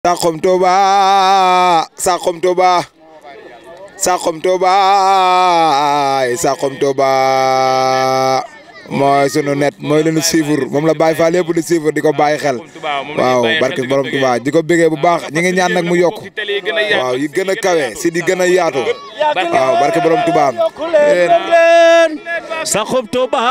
Saxum Touba Saxum Touba Saxum Touba Saxum Touba mooy sunu net mooy lu ñu suivre moom la Baye Fall yëpp di suivre di ko bàyyi xel waaw barke borom Touba di ko bëggee bu baax ñi ngi ñaan nag mu yokk waaw yi gën a kawe si di gën a yaatu waaw barke borom Touba Saxum Touba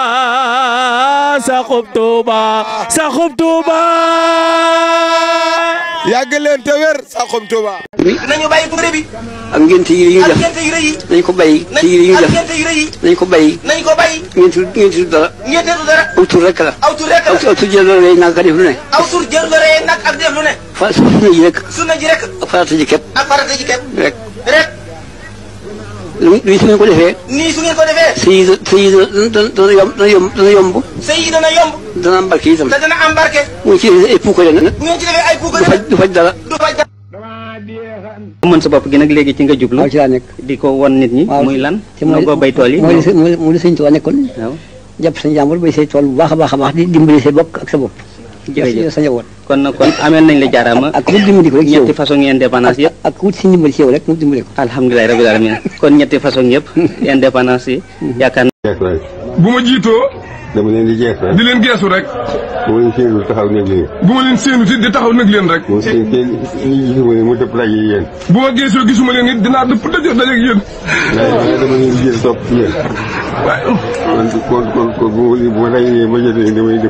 yàgg leen te wér Saxum Touba. nañu bàyyi ko rëbi. ak ngénte yi ñuy def ak ngénte yi ko bàyyi ci yi ñuy def ko bàyyi. nañ ko bàyyi. ngénte ngénte du dara. ngénte du dara. aw tur rek la. aw tur rek la aw tur ak def lu ne. ak def rek. sunna rek. ak farata ji rek. lii su ngeen ko defee. nii su ngeen ko defee. sëy yi sëy yi dana dana yomb dana yomb dana yomb. sëy yi dana yomb. dana am barke itam. te dana am barke. bu ngeen ci defee ay puukare nag. bu ngeen ci defee ay puukare nag. du faj du faj dara. du faj dara. mën sa bopp gi nag léegi ci nga jublu. waaw ci laa nekk. di ko won nit ñi. muy lan. ci mooy nangoo bay tool yi. mooy li sëñ Tuubaa nekkoon. waaw jàpp sa njàmbur bay say tool bu baax a baax a baax di dimbali say bokk ak sa bopp. jërëjëf sa njaboot kon na kon ameel nañ la jaaraama ak wut dimbali ko ñetti façon indépendance yëpp ak wut si ndimbal mu dimbali ko alhamdulilah rabbil alamin kon ñetti façon yëpp indépendance yi yaakaar naa bu ma jiitoo dama leen di geesu rek di leen geesu rek bu ma leen séenul taxaw nag leen bu ma leen séenut di taxaw nag rek mu seen seen gisuma leen mu dëpp laaj yi yéen bu ma leen it dinaa dëpp dajoo dajeeg yéen waaye dama leen di jël topp kon kon kon bu ma bu ma lay ma jël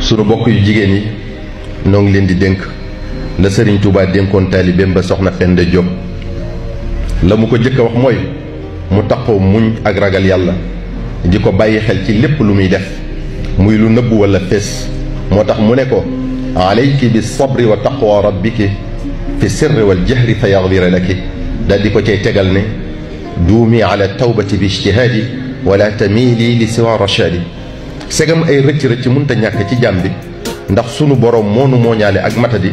sunu bokk yu jigéen yi noo ngi leen di dénk la sëriñ Touba dénkoon taalibeem ba soxna Penda Diop la mu ko jëkk a wax mooy mu taxoo muñ ak ragal yàlla di ko bàyyi xel ci lépp lu muy def muy lu nëbb wala fees moo tax mu ne ko alayki bi sabri wa taqwa rabbiki fi sirri wal jahri fa yagfir laki ko cay tegal ne duumi ala tawbati bi ijtihaadi wala tamiili li siwa rashaadi segam ay rëcc rëcc mënta ñàkk ci jaam bi ndax sunu borom moonu mooñaale ak matadi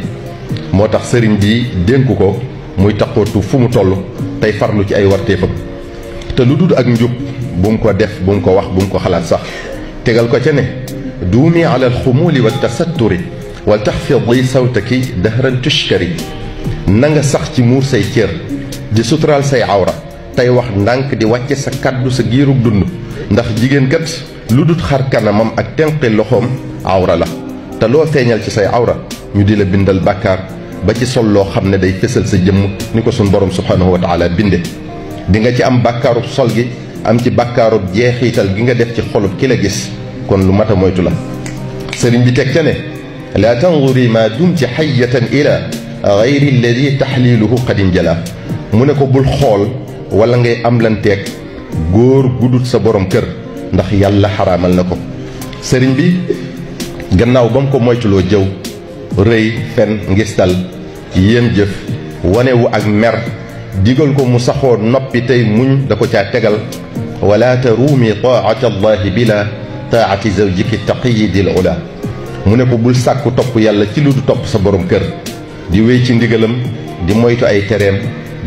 moo tax sëriñ bi dénk ko muy tax taqootu fu mu toll tey farlu ci ay warteefam te lu dul ak njub bu mu ko def bu mu ko wax bu mu ko xalaat sax tegal ko ca ne duumi ala alxumuuli wa tasatturi wal taxfidi sawtaki dahran tushkari na nga sax ci muur say cër di suturaal say awra tey wax ndànk di wàcce sa kàddu sa giirug dund ndax jigéen kat lu dut xar kanamam ak tenqi loxoom awra la te loo feeñal ci say awra ñu di la bindal bàkkaar ba ci sol loo xam ne day fësal sa jëmm ni ko suñ borom subhanahu wa taala binde di nga ci am bàkkaarub sol gi am ci bàkkaarub jeexiital gi nga def ci xolub kila gis kon lu mat a moytu la sëriñ bi teg ca ne laa tanzuri ma dumti xayatan ila gayri alladi taxliluhu qad injala mu ne ko bul xool wala ngay am lanteek góor guddut sa borom kër ndax yàlla xaramal na ko sëriñ bi gannaaw ba mu ko moytuloo jëw rëy fen ngistal yéem jëf wanewu ak mer digal ko mu saxoo noppi tey muñ da ko caa tegal wala taruumi taata allahi bila taati zawjiki taqiyi dil ula mu ne ko bul sàkku topp yàlla ci lu du topp sa borom kër di wéy ci ndigalam di moytu ay tereem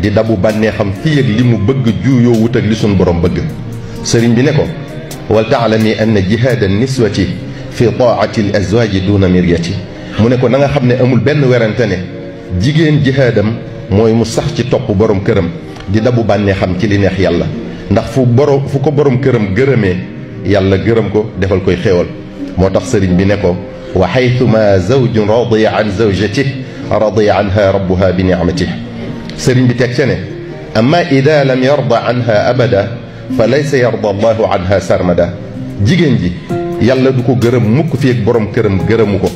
di dabu bànneexam fii li mu bëgg juuyoo wut ak li sunu borom bëgg sëriñ bi ne ko wal taalami anna jihaada niswati fi taati l azwaaji duna miryati mu ne ko nanga xam ne amul benn werante ne jigéen jihaadam mooy mu sax ci topp borom këram di dabu bànneexam ci li neex yàlla ndax fu borom ko borom këram gërëmee yàlla gërëm ko defal koy xéewal moo tax sëriñ bi ne ko wa xaytuma zawjun radiya an zawjati radiya anha rabbuha bi nicmatih sëriñ bi teg ca ne amma ida lam yarda anha abada fa laysa yarda allahu anha sarmada jigéen ji yàlla du ko gërëm mukk fi ak borom këram gërëmu ko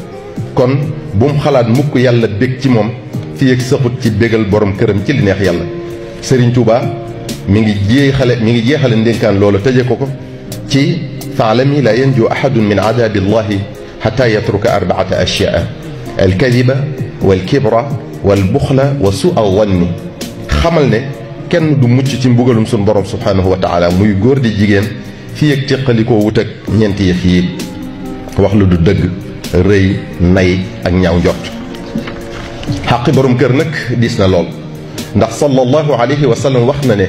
kon bu mu xalaat mukk yàlla bég ci moom fi ak saxut ci bégal borom këram ci li neex yàlla sëriñ Tuuba mi ngi jeexale mi ngi jeexale ndénkaan loolu tëje ko ko ci faalami la yanju ahadun min aadabi allahi xata yatruka arbaata ashyaa alkadiba wal buxla wa su aw wanni xamal ne kenn du mucc ci mbugalum suñ borom subhaanahu wa taala muy góor di jigéen fii ak téqalikoo wut ak ñeent yëf yi wax lu du dëgg rëy nay ak ñaaw njott xaqi borom kër nag diis na lool ndax sallallahu alayhi wa sallam wax na ne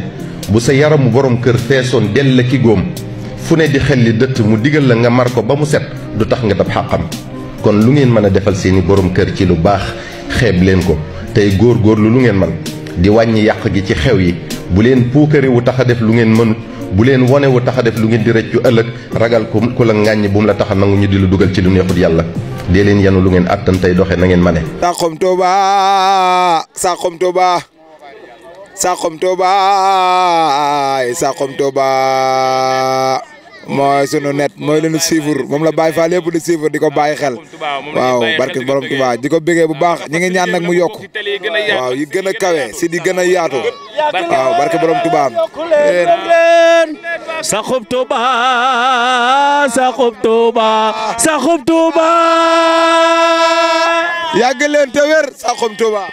bu sa yaramu borom kër feesoon dell ki góom fu ne di xel li dëtt mu digal la nga mar ko ba mu set du tax nga dab xàqam kon lu ngeen mën a defal seeni borom kër ci lu baax xeeb leen ko tey góorgóorlu lu ngeen man di wàññi yàq gi ci xew yi bu leen puukari wu tax a def lu ngeen mënut bu leen wone wu tax a def lu ngeen di rëccu ëllëg ragal ku ku la ŋàññ bu mu la tax a nangu ñu di lu dugal ci lu neexut yàlla dee leen yanu lu ngeen àttan tey doxe na ngeen mane Saxum Touba Saxum Touba Saxum Touba Saxum Touba moo sunu net mooy leen suivre moom la Baye Fall yëpp di suivre ko bàyyi xel waaw barke borom Touba di ko bëggee bu baax ñi ngi ñaan nag mu yokk waaw yi gën a kawe si di gën a yaatu waaw barke borom Touba saxub Touba saxub Touba saxub Touba yàgg leen